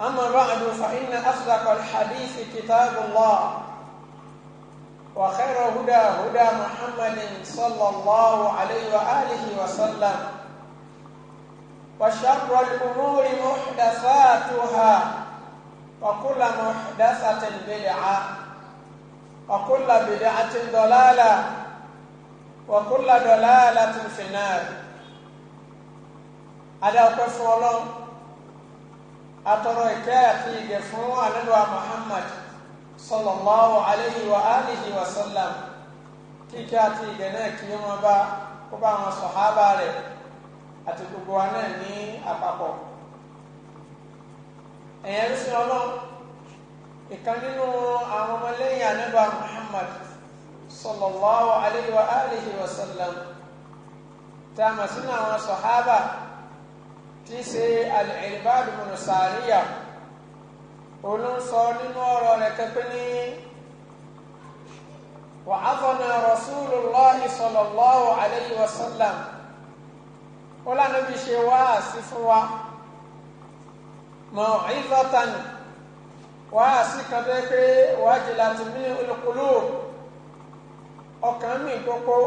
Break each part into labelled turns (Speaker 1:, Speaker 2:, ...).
Speaker 1: أما بعد فإن أصدق الحديث كتاب الله وخير هدى هدى محمد صلى الله عليه وآله وسلم وشر الأمور محدثاتها وكل محدثة بدعة وكل بدعة ضلالة وكل ضلالة في النار هذا كفر الله atọrọ ìkẹ́ àti ìgẹ̀ fún ànábìwa Muhammad sallallahu alayhi wa alihi wa sallam kíkẹ́ àti ìgẹ̀ náà kí wọ́n bá kó bá àwọn sọ̀hábà rẹ̀ àti gbogbo wa náà ní àpapọ̀ ẹ̀yẹn ń sin ọlọ́run ìkan nínú àwọn ọmọlẹ́yìn ànábìwa Muhammad sallallahu alayhi wa alihi wa sallam tá a mọ̀ sínú àwọn sọ̀hábà rẹ̀ tí í ṣe al-Irbad ibn Sariya olùsọ nínú ọ̀rọ̀ rẹ̀ kẹpẹ ní wa afọnà Rasulullah sallallahu alayhi wa sallam ó lànà bí ṣe wá sí fún wa mau'izatan wá sí kan tó pé wajilat minhul qulub ọkàn mi kókó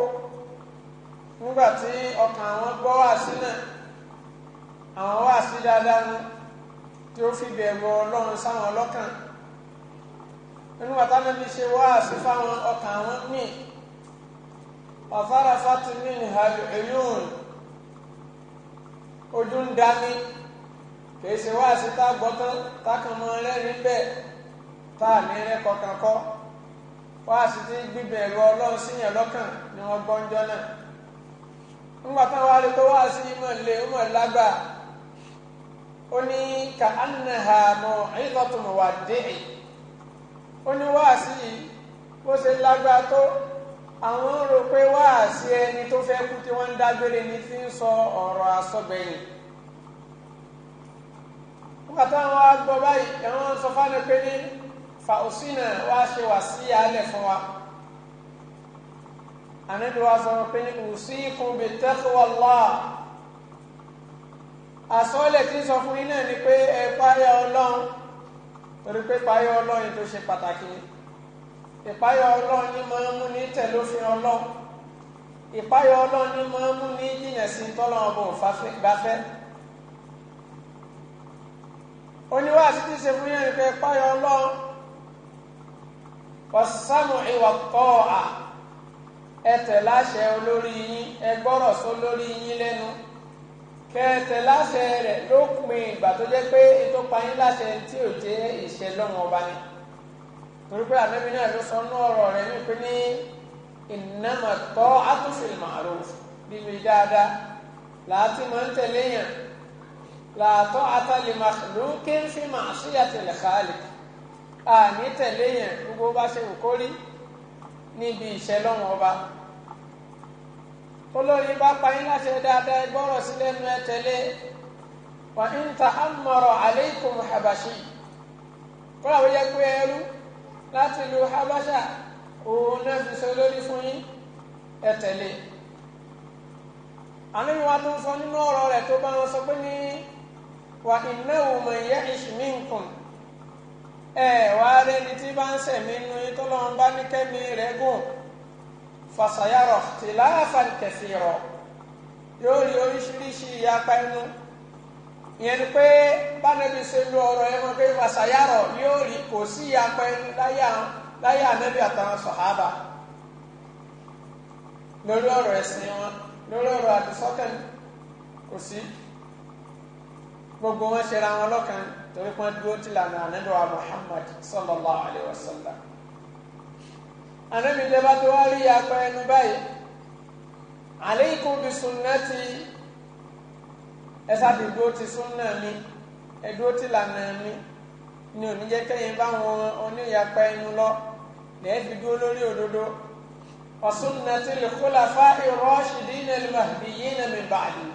Speaker 1: nígbà tí ọkàn àwọn gbọ́ wá sí náà. àwọn wá sí dáadáa nu tí ó fi bẹ̀rù ọlọ́run sáwọn ọlọ́kàn nínú àtàlẹ́bí ṣe wá sí fáwọn ọkàn àwọn míì ọ̀fára fatimi ní hàlù ẹ̀yún ojú ń dání kìí ṣe wá sí tá a gbọ́ tán tákàmọ́ ẹlẹ́rìí bẹ́ẹ̀ tá a ní wá sí ti ọlọ́run síyàn lọ́kàn ni wọ́n ó ní ka annaha maw'izatu muwaddi'i ó ní wáàsí yìí bó ṣe lágbá tó àwọn rò pé wáàsí ẹni tó fẹ́ kú tí wọ́n ń dágbére ni fi ń sọ ọ̀rọ̀ àsọgbẹ̀yìn nígbà táwọn agbọ́ báyìí ẹ̀wọ̀n sọ fáwọn pé ní fàùsínà wá ṣe wà sí alẹ̀ fún wa ànábi wa sọ pé ní usikum bi taqwa Allah àsọ́ọ́lẹ̀ tí ń sọ fún yín náà ni pé ẹ páyà ọlọ́run torí pé páyà ọlọ́run tó ṣe pàtàkì ni ìpáyà ọlọ́run ní máa ń mú ní tẹ̀lófin ọlọ́run ìpáyà ọlọ́run ní máa ń mú ní jìnà sí tọ́lọ́run bò gbafẹ́ oníwà títí ṣe fún yẹn pé ìpáyà ọlọ́run ọ̀sánù ìwà tọ́ à ẹ tẹ̀ láṣẹ olórí yín ẹ gbọ́rọ̀ só yín lẹ́nu. kẹtẹ láṣẹ rẹ lópin ìgbà tó jẹ pé ètò payín láṣẹ tí ò jẹ ìṣe lọ́wọ́ ọba ni torí pé ànábi náà ló sọ ní ọ̀rọ̀ rẹ nípe ní ìnáma tọ́ átúfìlì màrú bíbi dáadáa làátì máa ń tẹ̀lé yàn làátọ́ àtàlè kí n fi màá sí àtẹlẹ káàlì àní tẹ̀lé yàn gbogbo bá ṣe wù kórí níbi ọba. olórí bá pa yín láṣẹ dáadáa gbọ́rọ̀ sí lẹ́nu ẹ tẹ̀lé wà ń ta àmọ̀rọ̀ aleikum habashi kọ́lá wọ́n yẹ pé ẹrú lu habasha òun náà fi ṣe olórí fún yín ẹ tẹ̀lé àníbi wa tó ń sọ nínú ọ̀rọ̀ rẹ̀ tó bá wọn sọ pé ní wà ẹ wàá rẹni tí bá ń sẹ̀mí fasayarọ tìláfà kẹsìrọ yóò rí oríṣiríṣi ìyapa ẹnu ìyẹn ni pé bánẹbi ṣe lu ọ̀rọ̀ yẹn mọ pé fasayarọ yóò rí kò sí ìyapa ẹnu láyé ànábì àtàwọn sọhábà lórí ọ̀rọ̀ ẹ̀sìn wọn lórí ọ̀rọ̀ àdìsọkàn kò sí gbogbo wọn ṣe ra wọn lọ́kàn torí pé dúró ti lànà ànábì wa Muhammad sallallahu alayhi wa sallam anabi ndẹ́bà tó wá rí apá ẹnu báyìí aleikum bi sunnati ẹ sábì dúró ti sunna mi ẹ dúró ti lànà mi ni ò ní jẹ́ kẹ́yìn báwọn oníyapa ẹnu lọ lẹ́ẹ̀ fi dúró lórí òdodo wa sunnati lil khulafa'i rashidina al mahdiyina min ba'di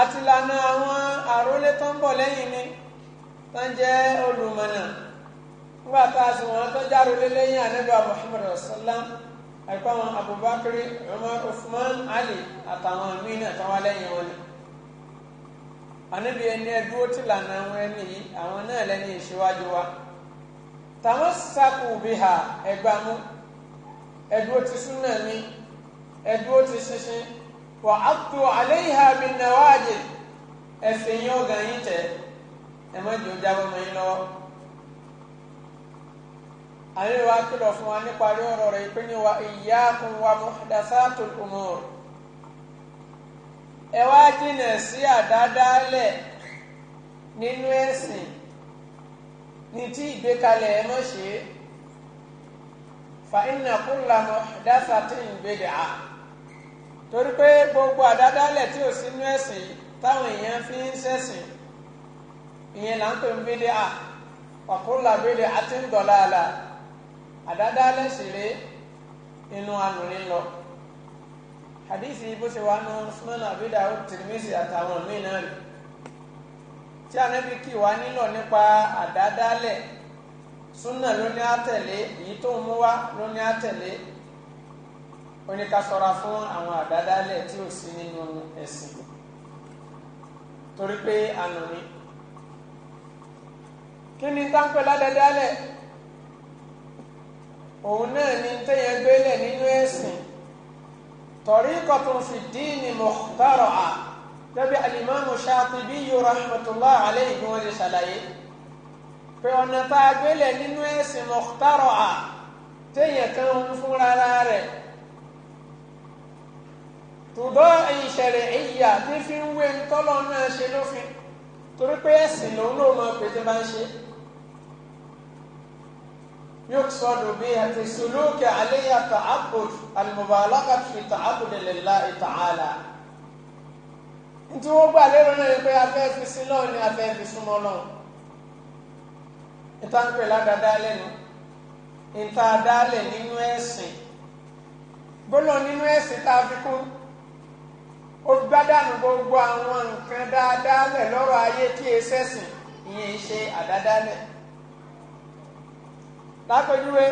Speaker 1: àti lànà àwọn àrólé tó ń bọ̀ lẹ́yìn mi tó ń jẹ́ olùmọ̀nà nígbà tá a sùn wọn tó járo lé lẹ́yìn anábíà Muhammad rasulillah àìpá wọn Abubakar Umar Usman Ali àtàwọn míín àtàwọn lẹ́yìn wọn anábíà ẹni ẹdúró tí lànà àwọn ẹni yìí àwọn náà lẹ́ni ìṣíwájú wa tàwọn sákò bí ha ẹgbàmú ẹdúró ti súnà mi ẹdúró ti ṣinṣin wà á tó alẹ́ ìhà mi náwó àjẹ ẹsẹ̀ yín ọ̀gá yín tẹ̀ ẹ má jò jábọ̀ yín lọ́wọ́. anyị wa kìlọ̀ fún wa níparí ọ̀rọ̀ ipe ni wa iyyakum wa muhdathatul umur ẹ wá jìnà sí àdádálẹ̀ nínú ẹ̀sìn ní tí ìgbékalẹ̀ ẹ mọ̀ ṣe fa inna kulla muhdathatin bid'ah torí pé gbogbo àdádálẹ̀ tí ò sínú táwọn èèyàn fi ń ìyẹn là ń pè ń wa kulla àdáda lẹ́sìrè inú anùrin lọ hadithi bó ṣe wà nù súnmọ́nà àbídà ó tìrìmísì àtàwọn míì náà rè tí ànábì kì nílò nípa àdáda lẹ̀ súnà ní àtẹ̀lé èyí tó ń mú wá ló àtẹ̀lé òun náà ni téèyàn gbélé nínú ẹ̀sìn tariqatun fi dini mukhtara'a gẹ́gẹ́ alimami Shatibi rahmatullahi alayhi wọ́n ti ṣàlàyé pé ọ̀nà tá a gbélé nínú ẹ̀sìn mukhtara'a téèyàn kan ń fúnra rẹ̀ tùdọ́ ìṣẹ̀lẹ̀ ìyà tí fi ń wé ńtọ́lọ́ náà ṣe lófin torí pé ẹ̀sìn lòun ló mọ pété bá ń ṣe يقصد بها السلوك عليها تعبد المبالغة في تعبد لله تعالى ntí wọ́n gbà lérò náà ni pé afẹ́ fi sí lọ́ọ̀ ni afẹ́ fi súnmọ́ lọ́ọ̀ níta ń pè ládàá lẹ́nu níta dálẹ̀ nínú ẹ̀sìn gbọ́dọ̀ nínú ẹ̀sìn tá a fi lápẹjúwe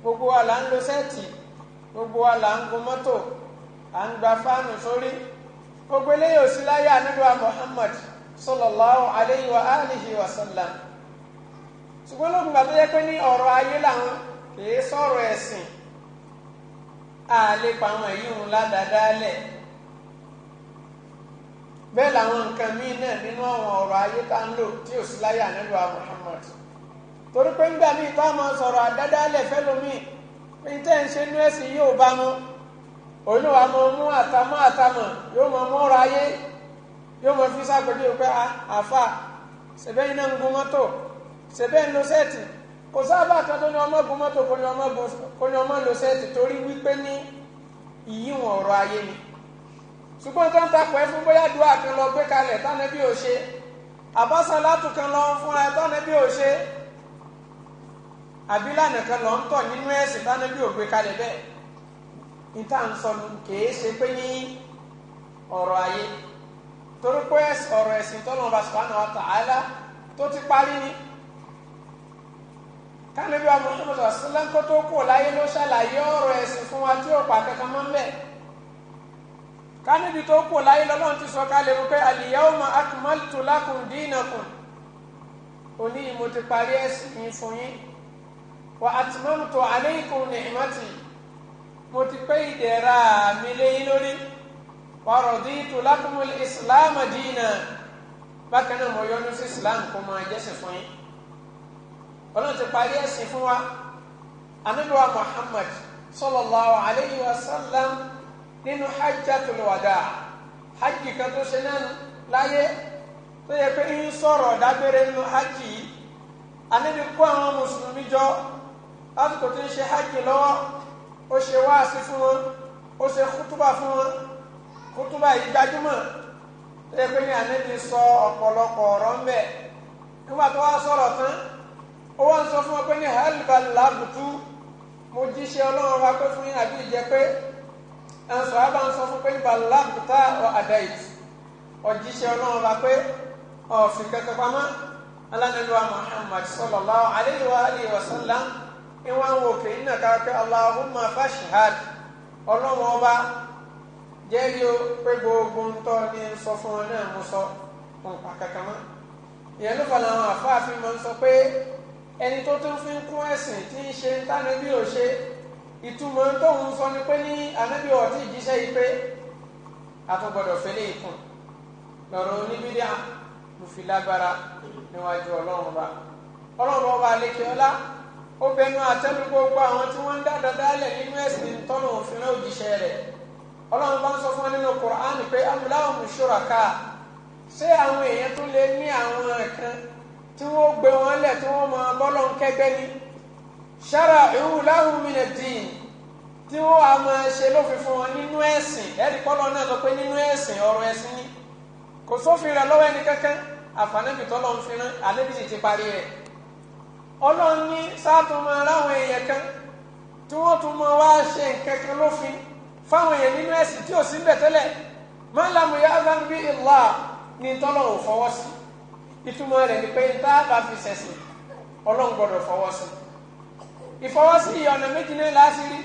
Speaker 1: gbogbo wa là ń lo sẹ́ẹ̀tì gbogbo wa là ń gun mọ́tò à ń gba fáànù sórí gbogbo Muhammad sallallahu wa alihi wa sallam ṣùgbọ́n lóògùn gbà yẹ pé ní ọ̀rọ̀ ayé làwọn kìí sọ̀rọ̀ ẹ̀sìn àlepa àwọn èyí ń ládàádáálẹ̀ bẹ́ẹ̀ làwọn nǹkan míì náà nínú àwọn ọ̀rọ̀ ayé tá ń lò torí pé ńgbà míì tó àmọ́ sọ̀rọ̀ àdádálẹ̀ fẹ́lómìn pé tẹ́ ń ṣe nú ẹ̀sìn yóò bá mu òun wa mú àtàmọ́ yóò ayé yóò mọ fi pé àfà ṣẹbẹ́ iná ń gun mọ́tò ṣẹbẹ́ ń lo sẹ́ẹ̀tì kò sábà kan tó ní ọmọ gun mọ́tò kò ní ọmọ lo sẹ́ẹ̀tì torí wípé ní ìyíwọ̀n ọ̀rọ̀ ayé ni ṣùgbọ́n tó ń takò ẹ fún bóyá kan gbé kalẹ̀ tánẹ́bí ò ṣe àbọ̀sán fúnra àbílànà kan lọ ń tọ̀ nínú ẹ̀sìn tánàbí ògbé kalẹ̀ bẹ́ẹ̀ níta ń sọnù kìí ṣe pé ní ọ̀rọ̀ ayé torí pé ọ̀rọ̀ ẹ̀sìn tọ́lọ́mọba subhanahu wa ta'ala tó ti parí ni kánàbí wa Muhammad sallam kó tó kù láyé ló ṣàlàyé ọ̀rọ̀ ẹ̀sìn fún wa tí ó pa kankan mọ́ mbẹ́ kánàbí tó kù láyé lọ́lọ́run ti sọ kalẹ̀ wípé al-yawma akmaltu lakum dinakum ti parí ẹ̀sìn fún yín wa atmamtu alaykum ni'mati mo ti pé ìdẹ̀ra mi léyìn lórí wa raditu lakumul islam dina bákan náà mo yọ́nú sí islam kó máa jẹ́sìn fún yín ọlọ́run ti parí ẹ̀sìn fún wa anabiwa muhammad sallallahu alayhi wa sallam nínú hajjatul wada hajj kan tó ṣe náà láyé tó yẹ pé ń sọ̀rọ̀ dágbére nínú hajj anabi kó àwọn mùsùlùmí jọ lásìkò tí ń ṣe hajj lọ́wọ́ ó ṣe wáàsí fún wọn ó ṣe kútúbà fún wọn kútúbà yìí gbajúmọ̀ tẹ́lẹ̀ pé ní ànábì sọ ọ̀pọ̀lọpọ̀ ọ̀rọ̀ ń bẹ̀ nígbà tó wá sọ̀rọ̀ tán ó wá ń sọ fún wọn pé ní halibal labutu mo jíṣẹ́ ọlọ́run wa pé fún yín àbí ìjẹ́ pé ẹnso a ń sọ fún pé balabuta ọ adait ọjíṣẹ́ ọlọ́run wa pé ọ̀fìn kẹkẹ pamọ́ alánàlúwa Muhammad sallallahu alayhi wa alihi wa sallam. ìwọ̀n wò fè nínà ká pé Allahumma fashhad ọlọ́run ọba jẹ́rìí o pé gbogbo ń ní fún ọ náà mo sọ òǹpa kankan ìyẹn ló fọlọ́ àwọn àfáàfin máa ń sọ pé ẹni tó fi ń kún ẹ̀sìn tí ń ṣe tánàbí ò ṣe ìtumọ̀ sọ ni pé ní anábì yìí pé àtúgbọ̀dọ̀ fẹ́lẹ́ ìkùn ó bẹnu gbogbo àwọn tí wọ́n ń dá nínú ẹ̀sìn tọ́nà òfin náà rẹ̀ ọlọ́run bá ń sọ fún wa nínú Qur'an pé amúláhùn ṣuraka ṣé àwọn èèyàn tó lè ní àwọn kan tí wọ́n gbé wọn tí máa bọ́lọ̀ ń ni kò sófin lọ́wọ́ ẹni àfààní fi rán ti parí rẹ̀ ọlọ́run ní sátúmọ̀ aláwọn èèyàn kan tí wọ́n tún mọ wá ṣe nǹkan kan lófin fáwọn èèyàn nínú ẹ̀sìn tí ò sí bẹ̀ tẹ́lẹ̀ máa ń lámù yá bá ń bí ìlà ní tọ́lọ̀ ò fọwọ́ sí ìtumọ̀ rẹ̀ ni pé tá a bá fi ṣẹ̀sìn ọlọ́run gbọ́dọ̀ fọwọ́ sí ìfọwọ́sí ìyọ̀nà méjì náà láṣìírí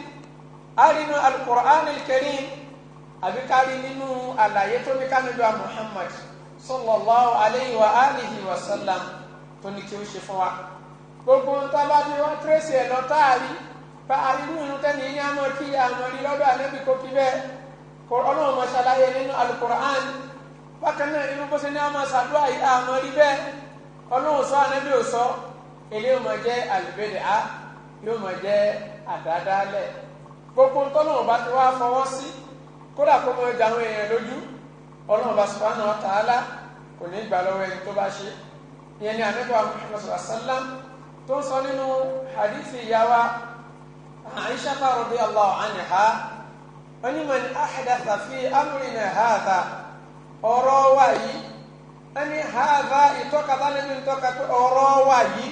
Speaker 1: a rí inú alukur'an karim àbí ká rí nínú àlàyé tó ní kánúdà Muhammad sallallahu alayhi wa alihi wa sallam tó ní kí ó ṣe fún wa. gbogbo ń tá bá ti wá ẹ̀ lọ táàrí bá arírú irun tẹ́ni ní àmọ́ kí àmọ́ rí lọ́dọ̀ ànábì kó kí bẹ́ẹ̀ ọlọ́run máa ṣàlàyé nínú alukur'an bákan náà bó ṣe ní àmọ́ yìí àmọ́ rí bẹ́ẹ̀ ọlọ́run sọ ànábì gbogbo ń tọ́lọ́run bá ti wá fọwọ́ sí kódà kó mọ ọjà àwọn èèyàn lójú ọlọ́run bá subhanahu tó ń sọ nínú hadithi ìyáwá Aisha radiyallahu anha wọ́n ní man ahdatha fi amrina hadha ọ̀rọ̀ wa yìí wọ́n ní hadha ìtọ́ka tánẹ́bí ń tọ́ka pé ọ̀rọ̀ wa yìí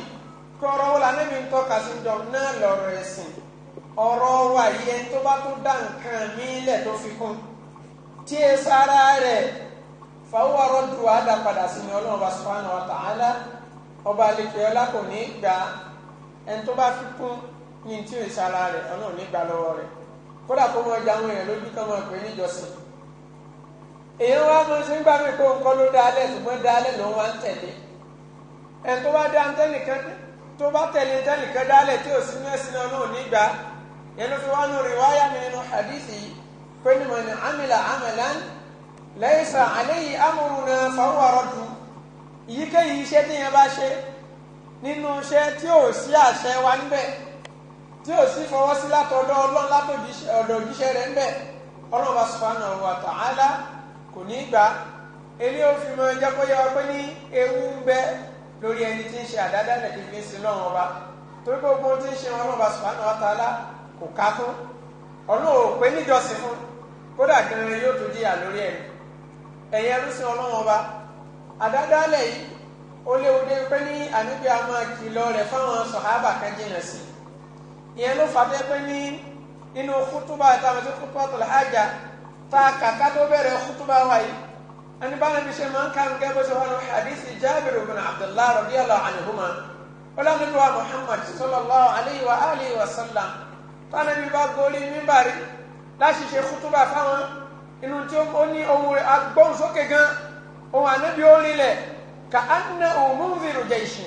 Speaker 1: kí ọ̀rọ̀ wọ́n lànẹ́bí ń tọ́ka sí jọ náà lọ́rọ̀ ẹ̀sìn ọ̀rọ̀ wa tó bá tó dá nǹkan mí lẹ̀ tó fi kún tí e sára rẹ̀ fàwọn ọ̀rọ̀ dá padà sí ni Ọlọ́run bá subhanahu wa ta'ala ọba àlejò ọlá kò ní í gbà á ẹni tó bá fi kún ní tí ò sára rẹ̀ ọlọ́run ní gbà lọ́wọ́ rẹ̀ kódà kó wọn jáwọn èèyàn lójú tó wọn pè níjọsìn èèyàn wá mọ sí nígbà mi kó nǹkan ló dálẹ̀ ṣùgbọ́n dálẹ̀ ló wá ń tẹ̀lé ẹni tó bá dá ntẹ́nìkan tó bá tẹ̀lé ntẹ́nìkan dálẹ̀ tí ò sí ẹ̀sìn náà náà nígbà yẹn ló fi wá nù rìwáyà mi nínú hadithi pé ní mọ̀ ní amìlà amalan laysa alayhi amruna fahuwa raddu èyíkéyìí iṣẹ́ téèyàn bá ṣe nínú iṣẹ́ tí ò sí àṣẹ wa níbẹ̀ tí ò sí fọwọ́sí látọ̀dọ̀ ọlọ́run látọ̀dọ̀ òjíṣẹ́ rẹ̀ níbẹ̀ ọlọ́run bá subhanahu ta'ala kò ní gbà pé ní ewu ń bẹ lórí ẹni tí ń ṣe fi kò ká fún ọlọ́run ò pé fún kódà gan-an yóò tó lórí ẹ̀ ọlọ́run àdádálẹ̀ yìí ó léwu dé pé ní ànábì a máa kìlọ̀ rẹ̀ fáwọn sọ̀hábà kan jìnnà sí ìyẹn ló fà dé pé ní nínú kútúbà táwọn ti kútúbà tó lè hájà tá a kà ká tó bẹ̀rẹ̀ kútúbà wa yìí ẹni bá nàbí ṣe máa ń kàn gẹ́gẹ́ bó ṣe wà ní hadithi jábìrì bin abdullahi radiyallahu anhuma ó lánàá bí wa muhammad sallallahu alayhi wa alihi wa sallam tánàbí bá gorí mímbàrí láti ṣe kútúbà fáwọn inú tí ó ní ohun agbóhùnsókè gan-an òun ànábì ó rinlẹ̀ ka anna òmùnzìrò jẹ̀ṣì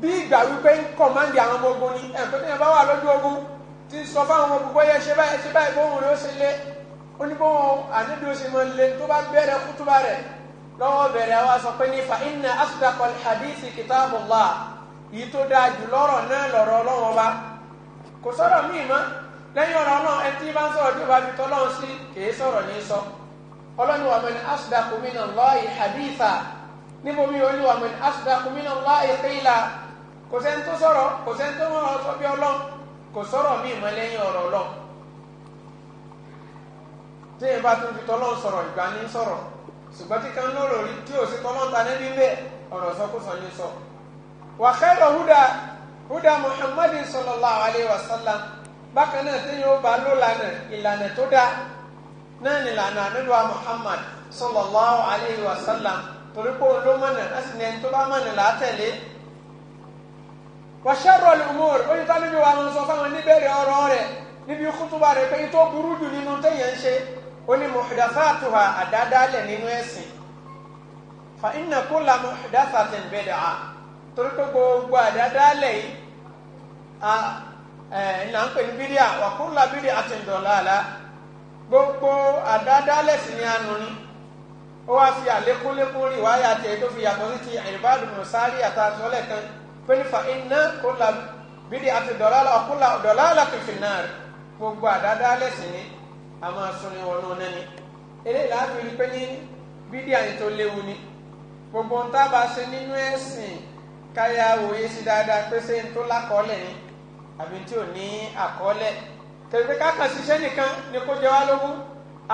Speaker 1: bí ìgbà wípé ń kọ̀mándì àwọn ọmọ ogun ni ẹ̀kọ́ tí yẹn bá wà lójú ogun ti sọ fáwọn ọmọ ogun bóyá ṣe báyìí ṣe báyìí bóun rẹ̀ ó ṣe lé ó ní bóun ànábì ó ṣe mọ lé tó bá bẹ̀rẹ̀ kútúbà rẹ̀ lọ́wọ́ bẹ̀rẹ̀ àwa sọ pé ní fa inna asdaqal hadithi kitabullah yìí tó dáa jù lọ́rọ̀ náà lọ́rọ̀ ọlọ́wọ́n ọba kò sọ̀rọ̀ míì mọ́ lẹ́yìn ọ̀rọ̀ náà ẹni tí bá ń sọ̀rọ̀ tí ò bá fi tọ́lọ́run sí kì í sọ̀rọ̀ ní sọ. So ọlọ́ni wa man asdaqu minallahi haditha níbo mi olú wa man asdaqu minallahi qila kò sẹ́ni tó sọ̀rọ̀ kò sẹ́ni tó mọ̀ ọ́ bí ọlọ́n kò sọ̀rọ̀ mí mọ́ lẹ́yìn ọ̀rọ̀ ọlọ́n tí èyí bá tún fi tọ́lọ́n sọ̀rọ̀ ìgbà ní sọ̀rọ̀ ṣùgbọ́n tí kan lóró rí tí ò sí tọ́lọ́n ta níbi bẹ́ẹ̀ ọ̀rọ̀ sọkúsọ ní sọ. wa khairu huda huda muhammadin sallallahu alayhi wa sallam bákan náà tí yóò bá ló ìlànà tó dáa náà ni lànà àdúrà Muhammad sallallahu alayhi wa sallam torí pé ló mọ̀nà láti ní ẹni tó bá mọ̀nà látẹ̀lé wa sharral umur oye tá níbi wa máa sọ fáwọn níbẹ̀rẹ̀ ọ̀rọ̀ rẹ̀ níbi kútúbà rẹ̀ pé tó burú jù nínú téèyàn ń ṣe ó ní muhdathatuha àdádálẹ̀ nínú ẹ̀sìn fa inna kulla muhdathatin bid'ah torí pé gbogbo àdádálẹ̀ yìí à ẹ̀ ńlá ń pè ní bídíà wa kulla bídíà àti ìdọ̀lá àlá gbogbo àdádálẹ̀ sí ni àánú ni ó wá fi àlékúnlékún rí wáyà tiẹ̀ tó fi yàtọ̀ sí ti ìbádùn mùsárì àtàtúọ̀lẹ̀ kan pẹ́lúfà iná kó la bídí àti dọ̀làlà ọ̀kúnlá dọ̀làlà kìfì náà rẹ̀ gbogbo àdádálẹ̀ sí ni a máa sunni wọnú nẹ́ni eléyìí láti rí pé ní bídí àyè tó léwu ni gbogbo ń tábà ṣe nínú ẹ̀sìn káyà òye sí dáadáa pé ṣé ń tó lákọọ́lẹ̀ ni àbí tí ò ní àkọọ́lẹ̀ tẹ̀sí ká kàn ṣiṣẹ́ nìkan ni kó jẹ wá lógún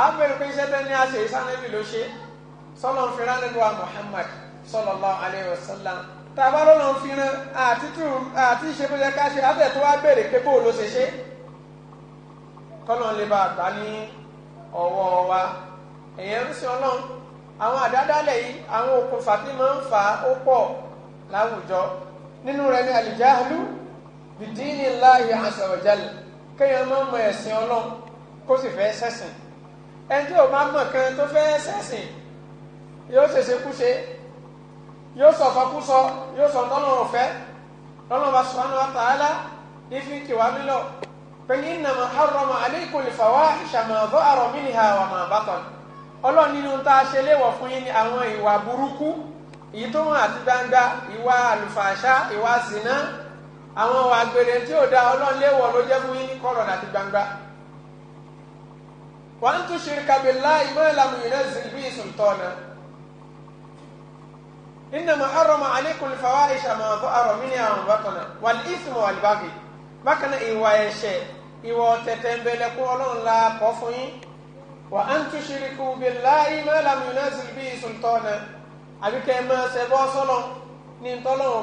Speaker 1: àbẹ̀rẹ̀ pé iṣẹ́ tẹ́ ní àṣẹ ìsànẹ́bì ló ṣe sọlọ ń fira nínú wa Muhammad sallallahu alaihi wasallam tàbá ló lọ́n fi ran àti tún àti ṣe bó ṣe ká ṣe àtẹ̀tún wá béèrè pé bó ló ṣe ṣe kọ́nà lè bá àgbà ní ọwọ́ wa èèyàn ń sin ọlọ́run àwọn àdádálẹ̀ yìí àwọn okùnfà tí máa ń fà ó pọ̀ láwùjọ nínú rẹ̀ ní al-jahlu bi dinillahi kéèyàn máa mọ ẹ̀sìn ọlọ́run kó sì fẹ́ sẹ́sìn ẹni tí o máa mọ̀ kan tó fẹ́ sẹ́sìn yóò ṣèṣe kúṣe yóò sọ fọkúsọ yóò sọ tọ́lọ́run ọ̀fẹ́ lọ́nà bá subhanahu wa ta'ala ifi kìwá nílọ pẹ̀lú innama harrama alaykum al-fawahisha ma dhahara minha wa ma batan ọlọ́run nínú tá a ṣe léwọ̀ fún yín ni àwọn ìwà burúkú èyí tó hàn àti gbangba ìwà àlùfàṣà ìwà zina àwọn àgbèrè tí ò da ọlọ́run léwọ̀ ló jẹ́ fún yín ní kọ̀rọ̀ àti gbangba. wọ́n ń tún ṣirka billahi ma lam yunzil bihi sultana. innama harrama alaykum al-fawahisha ma zahara minha wa ma batana wal ithma wal baghi. bákan náà ìwà ẹ̀ṣẹ̀ ìwà ọ̀tẹ̀tẹ̀ ń bẹ̀lẹ̀ kún ọlọ́run la kọ́ fún yín. wa an tushriku billahi ma lam yunzil bihi sultana. àbíkẹ́ máa ṣẹbọ́ sọ́lọ́ ní ntọ́lọ́run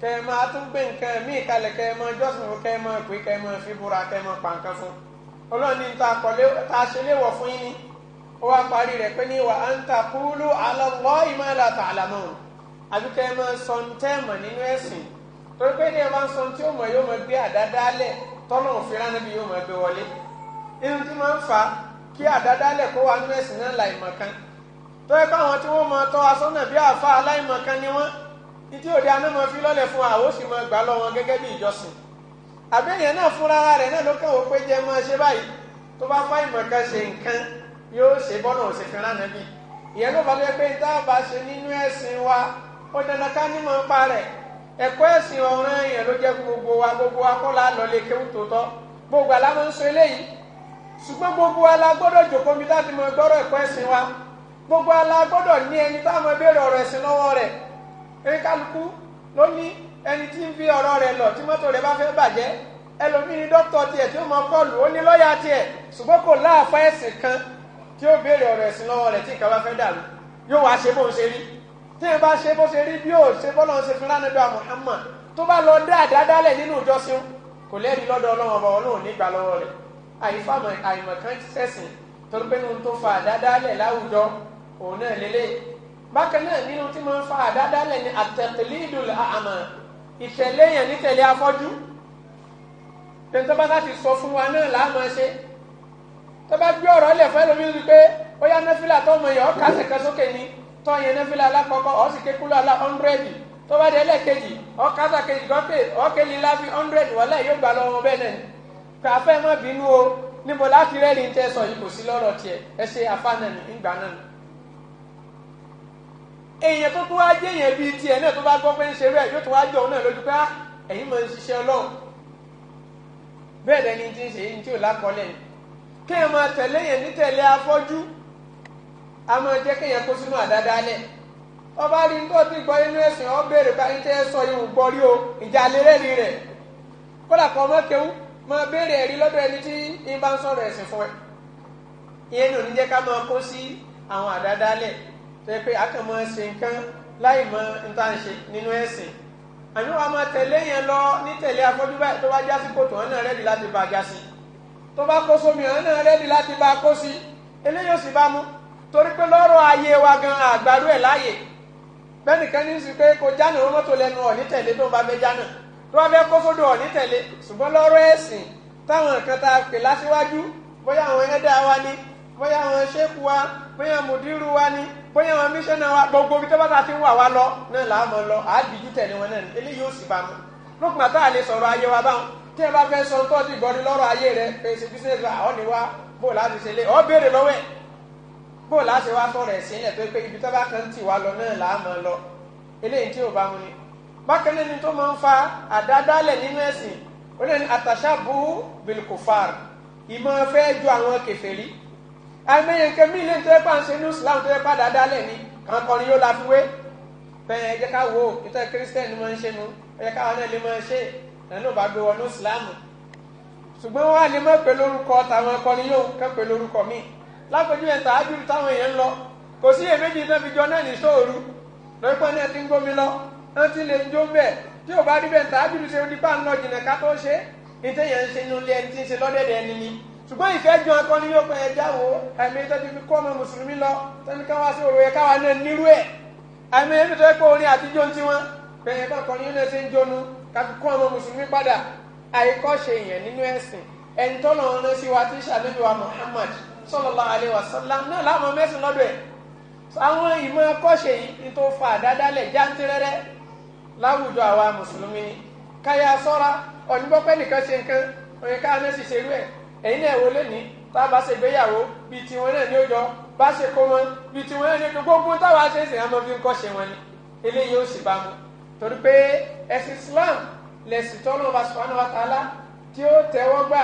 Speaker 1: kẹ́ ẹ máa tún gbé nǹkan míì kalẹ̀ kẹ́ ẹ máa jọ́sìn fún kẹ́ ẹ máa pè kẹ́ ẹ máa fi búra kẹ́ ẹ máa pa nǹkan fún ọlọ́ọ̀ni ta kọ́lé ta ṣe léwọ̀ fún yín ni ó wá parí rẹ̀ pé ní wà á ń ta kúlú alọ́lọ́ ìmọ̀lá tààlámọ́ àbí kẹ́ ẹ máa sọ ń tẹ́ẹ̀mọ̀ nínú ẹ̀sìn torí pé ní ẹ máa sọ tí ó yóò máa gbé àdádálẹ̀ tọ́nà òfin ránàbí yóò máa gbé wọlé irun tí máa ń fa kí àdádálẹ̀ kó wà nínú ẹ̀sìn náà láìmọ̀kan tó ẹ bá àwọn tí wọ́n máa tọ́ asọ́nà bí àáfàá aláìmọ̀kan ni wọ́n ìdí òde aná máa fi lọ́lẹ̀ fún wa ó sì máa gbà lọ́wọ́ gẹ́gẹ́ bí ìjọsìn àbẹ́yẹn náà fúnra rẹ̀ náà ló kẹ́wọ́ pé jẹ́ máa ṣe báyìí tó bá fá ìmọ̀ kan ṣe nǹkan yóò ṣe bọ́nà òṣèkan lánàá bíi ìyẹn ló fàbẹ́ pé tá a bá ṣe nínú ẹ̀sìn wa ó dandan ká nímọ̀ ń pa rẹ̀ ẹ̀kọ́ ẹ̀sìn ọ̀ràn yẹn ló jẹ́ gbogbo wa gbogbo wa kọ́ la lọ lè kéwù tó tọ́ gbogbo àlá máa ń sọ eléyìí ṣùgbọ́n gbogbo wa gbọ́dọ̀ jòkó mi láti mọ gbọ́rọ̀ ẹ̀kọ́ ẹ̀sìn wa gbogbo wa gbọ́dọ̀ ní ẹni tá a mọ ọ̀rọ̀ ẹ̀sìn lọ́wọ́ rẹ̀ erékálukú ló ní ẹni tí ń fi ọ̀rọ̀ rẹ̀ lọ tí mọ́tò rẹ̀ bá fẹ́ bàjẹ́ ẹlòmíín dókítà tiẹ̀ tí ó mọ kọlù ó ní lọ́ọ̀yà tiẹ̀ ṣùgbọ́n kò láàfọ́ ẹ̀sìn kan tí ó béèrè ọ̀rọ̀ ẹ̀sìn lọ́wọ́ rẹ̀ tí nǹkan bá fẹ́ dàrú yóò wá ṣe bó ń ṣe rí tí ẹ bá ṣe bó ṣe rí bí ó ṣe bọ́lọ́ ń ṣe fún lánàá Muhammad tó bá lọ dá àdádálẹ̀ nínú ìjọsìn kò lẹ́rìí lọ́dọ̀ Ọlọ́run ọba Ọlọ́run nígbà lọ́wọ́ rẹ̀ àyífàmọ̀ àyìnbọn kan ṣẹ̀sìn torí pé ohun tó fa àdádálẹ̀ láwùjọ òun náà lélẹ́yìí bákan náà nínú tí máa ń fa àdádálẹ̀ ní àtẹ̀tẹ̀lídùn àmà ìtẹ̀lé yẹn nítẹ̀lé afọ́jú tẹ̀ntẹ́ bá láti sọ fún wa náà là á máa ṣe tó bá gbé ọ̀rọ̀ ilẹ̀ fẹ́ lómi rí pé ó yá nẹ́fìlà tó mọ̀ yẹn ọ́ kásẹ̀ kan sókè ni tó yẹn nẹ́fìlà alákọ̀ọ́kọ́ ọ́ sì kékulú alá ọ́ndrẹ́dì tó bá dé ẹlẹ́ẹ̀kejì ọ́ kásà kejì kan pé ọ́ kéli láfi ọ́ndrẹ́dì wọlé yóò gbà lọ́wọ́ bẹ́ẹ̀ náà kàfẹ́ mọ́ bínú o níbo láti rẹ́rìn tẹ́ sọ yìí kò sí lọ́rọ̀ tiẹ̀ ẹ ṣe àfáànà nígbà èèyàn tó tó wá jẹ́ èèyàn bíi tiẹ̀ náà tó bá gbọ́ pé ń ṣe rẹ̀ yóò tó wá jọ òun náà lójú pé ah, ẹ̀yin máa ń ṣiṣẹ́ ọlọ́run bẹ́ẹ̀ lẹni tí ń ṣe yín tí ò a máa jẹ́ kéèyàn kó sínú ọba ọ béèrè bá ń tẹ́ sọ o ìjà lérẹ́ rẹ̀ kódà kọ́ mọ́ kéwú máa béèrè ẹ̀rí lọ́dọ̀ ẹni tí ń bá ń sọ̀rọ̀ ẹ̀sìn fún ẹ ìyẹn ní ò jẹ́ tẹ́ pé akẹ́mọ́ ṣe nǹkan láì mọ níta ń ṣe nínú ẹ̀sìn àmì wa máa tẹ̀lé yẹn lọ ní tẹ̀lé afọ́jú báyìí tó bá já sí kòtò ọ̀nà rẹ́dì láti bá já sí tó bá kó sómi ọ̀nà rẹ́dì láti bá kó sí eléyìí ò sì bá mú torí pé lọ́rọ̀ ayé wa gan àgbàdo ẹ̀ láàyè bẹ́nìkan ní sí pé kò jánà wọn mọ́tò lẹ́nu ọ̀ ní tẹ̀lé tó ń bá fẹ́ jánà tó bá fẹ́ kó sódò ọ̀ ní tẹ̀lé ṣùgbọ́n lọ́rọ̀ ẹ̀sìn táwọn nǹkan tá pè láṣíwájú bóyá àwọn ẹ̀dá wa ni bóyá àwọn ṣéèkù wa bóyá mùdírù wa ni bóyá àwọn míṣánná wa gbogbo ibi tó bá ta ti ń wà wá lọ náà là á mọ lọ àádìjú tẹ̀lé wọn náà eléyìí ò sì bá mu lókùnmá tá a lè sọ̀rọ̀ ayé wa báwọn tí ẹ bá fẹ́ sọ tó ti gbọ́dí lọ́rọ̀ ayé rẹ pèsè bísíǹsì wa ọ̀ ní wa bó láti ṣe lé ọ́ béèrè lọ́wọ́ ẹ̀ bó láti wá sọ̀rọ̀ ẹ̀ sílẹ̀ tó pé ibi tó bá kan tì wá lọ náà là á mọ lọ eléyìí tí ò bá mu ni bákan náà ni tó máa ń fa àdádálẹ̀ nínú ẹ̀sìn ó ní àtàṣà bú bìlkùfàr ìmọ̀ fẹ́ ju àwọn kèfèrí àìmọye nǹkan mí ilé tó yẹ pa ń ṣe ní islam tó yẹ pa dáadáa lẹ̀ ni àwọn akọrin yóò la fi wé bẹ́ẹ̀ ẹ jẹ́ ká wo nítorí kírísítẹ́nì máa ń ṣe nu ẹ jẹ́ káwọn náà lè máa ṣe ẹ̀ ló bá gbé wọnú islam ṣùgbọ́n wọn á lè má pè lórúkọ tàwọn akọrin yóò kàn pè lórúkọ míì lápẹjúwe tàájú táwọn èèyàn ń lọ kò sí èméjì náà fi jọ náà ní sóòru lọ́pọ̀ náà ti ń gbómi lọ náà ti lè ń jó bẹ́ẹ̀ tí ò bá rí bẹ́ẹ̀ tàájú ṣe onípa ńlọ jìnnà ká tó ṣe ní téèyàn ń ṣe inú ilé ẹni tí ń ṣe lọ́dẹ̀dẹ̀ ẹni ni ṣùgbọ́n ìfẹ́ jọ akọni yóò pẹ́ ẹja wo àìmọye tó ti fi kọ́ ọmọ mùsùlùmí lọ tẹ́ni ká wá sí òwe yẹ káwa náà nírú ẹ̀ àìmọye tó tẹ́ pé orin àtijọ́ ti wọn pẹ̀yẹ bá kọ́ni yóò náà ṣe ń jónu ká fi kọ́ ọmọ mùsùlùmí padà àìkọ́ṣe èèyàn nínú ẹ̀sìn ẹni tó lọ́n rán sí wa tí sàlẹ́bí wa Muhammad sallallahu alaihi wasallam náà láwọn mẹ́sìn lọ́dọ̀ ẹ̀ àwọn ìmọ̀ ẹ̀kọ́ṣe yìí tó fa àdádálẹ̀ ẹ̀ ẹ̀yin náà wọlé ní tá a bá ṣe ìgbéyàwó bíi tiwọn náà ní ó jọ bá ṣe kó wọn bíi tiwọn náà ní ó gbogbo táwa ṣe ń sìn àmọ́ fi ń kọ́ṣe wọn ni eléyìí ó sì bá mu torí pé ẹ̀sìn Islam lẹ̀sìn tọ́lọ́ wa subhanahu wa ta'ala tí ó tẹ́wọ́ gbà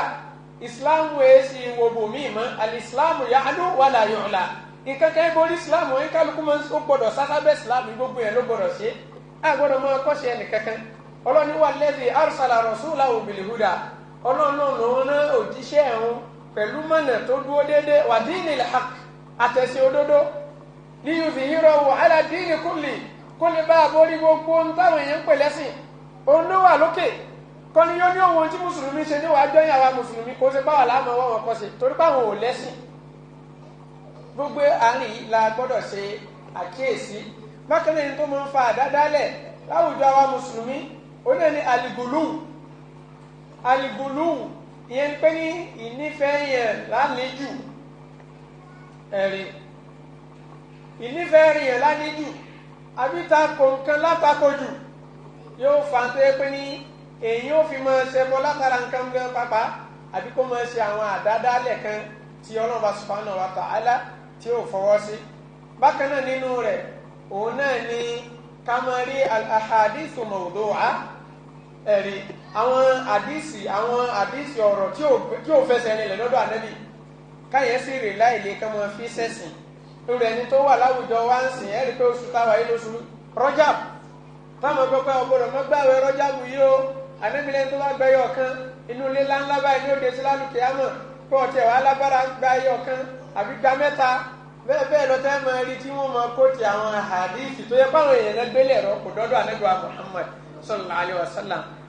Speaker 1: Islam wẹ̀ sí ìwòbù míì mọ́ al-Islam ya'lu wa la yu'la nǹkan kan borí Islam wọn kálukú máa ń gbọdọ̀ sásábẹ́ Islam gbogbo yẹn ló gbọdọ̀ ṣe é àgbọdọ̀ máa kọ́ṣe ọlọ́run lòun rán òjíṣẹ́ ẹ̀hún pẹ̀lú mọ̀nà tó dúró déédéé wà díìnì làk àtẹ̀sìn òdodo ní yóò fi hírọ̀ wò ala díìnì kúlì kúlì bá a borí gbogbo ohun táwọn èèyàn ń pè lẹ́sìn òun ló wà lókè kọ́ni yóò ní ohun tí mùsùlùmí ṣe níwájú ẹ̀yìn àwa mùsùlùmí kó ṣe báwa láàmú ọwọ́ wọn kọ́ sí torí báwọn ò lẹ́sìn gbogbo àárín yìí la gbọ́dọ̀ ṣe àkíyèsí bákan ni tó máa ń fa àdádálẹ̀ láwùjọ àwa mùsùlùmí ó náà ní àlìgùlù alìgbòlù ìyẹn pé ní ìnífẹ̀ẹ́ yẹn lálejò ẹ̀rí ìnífẹ̀ẹ́ yẹn lálejò àbíta kọ̀ọ̀kan látakojù yóò fà ń tẹ́ pé ní èyí ò fi máa ṣe bọ́ látara nǹkan bẹ́ẹ̀ pápá àbí kó máa ṣe àwọn àdádálẹ̀ kan tí ọlọ́ba subhanahu wa ta'ala tí ó fọwọ́ sí bákan náà nínú rẹ̀ òun náà ni ká máa rí ẹ̀rí àwọn àdísì àwọn àdísì ọ̀rọ̀ tí ò fẹsẹ̀ rinlẹ̀ lọ́dọ̀ ànábì káyẹ̀ sì rè láìlè kán mọ́ fi sẹ́sìn rẹ̀ ni tó wà láwùjọ wa ń sìn ẹ̀rí pé oṣù táwa yìí lóṣù Rajab táwọn gbọ́ pé ọgbọ́dọ̀ mọ́ gbàwé Rajab yìí o ànábì lẹ́ni tó bá gba ẹyọ kan inú ilé ńláńlá báyìí ní òde sí lálùkè àmọ̀ pé ọ̀tí ẹ̀wà alágbára gba ẹyọ kan àbí gba mẹ́ta bẹ́ẹ̀ bẹ́ẹ̀ lọ́tẹ́ mọ ẹrí tí wọ́n mọ kóòtù àwọn àdísì tó yẹ pé àwọn èèyàn gbélé ẹ̀rọ kò dọ́dọ̀ ànábì wa Muhammad sallallahu alayhi wa sallam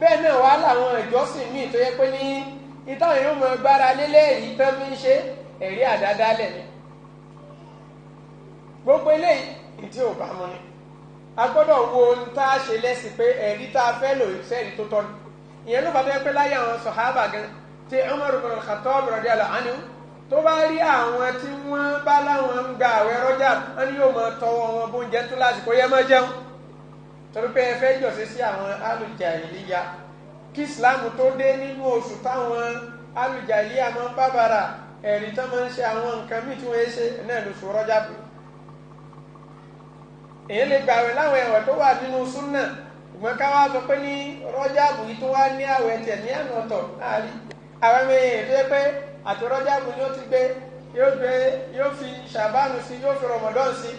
Speaker 1: bẹ́ẹ̀ náà wà láwọn ìjọsìn míì tó yẹ pé ní ìtàn yóò mọ gbára lélẹ̀ èyí tán fi ń ṣe ẹ̀rí àdádálẹ̀ ni gbogbo eléyìí ìdí ò bá mu ni a gbọ́dọ̀ wo ohun tá a ṣe lẹ́sìn pé ẹ̀rí tá a fẹ́ lò sẹ́ẹ̀rí tó tọ́ ni ìyẹn ló bá fẹ́ pé láyé àwọn sọ̀hábà gan ti Umar ibn al-Khattab radiyallahu anhu tó bá rí àwọn tí wọ́n bá láwọn ń gba àwẹ̀ wọn ni yóò mọ tọwọ́ wọn bóúnjẹ tó lásìkò yẹ mọ́ jẹun torí pé ẹ fẹ́ jọ̀sí sí àwọn alùjàìlíya kí ìsìláàmù tó dé nínú oṣù táwọn alùjàìlíya máa ń bábara ẹ̀rí tó máa ń ṣe àwọn nǹkan míì tí wọ́n ṣe náà lóṣù rọ́jàpù èyí lè gbàwẹ̀ láwọn ẹ̀wẹ̀ tó wà nínú súnà ìgbọ́n ká wá sọ pé ní rọ́jàpù yìí tó wá ní àwẹ̀ tiẹ̀ ní àná ọ̀tọ̀ láàrin àwọn ẹ̀mí èyí tó yẹ pé àti rọ́jàpù yóò ti gbé yóò fi ṣàbánu sí yóò fi rọmọdọ́n sí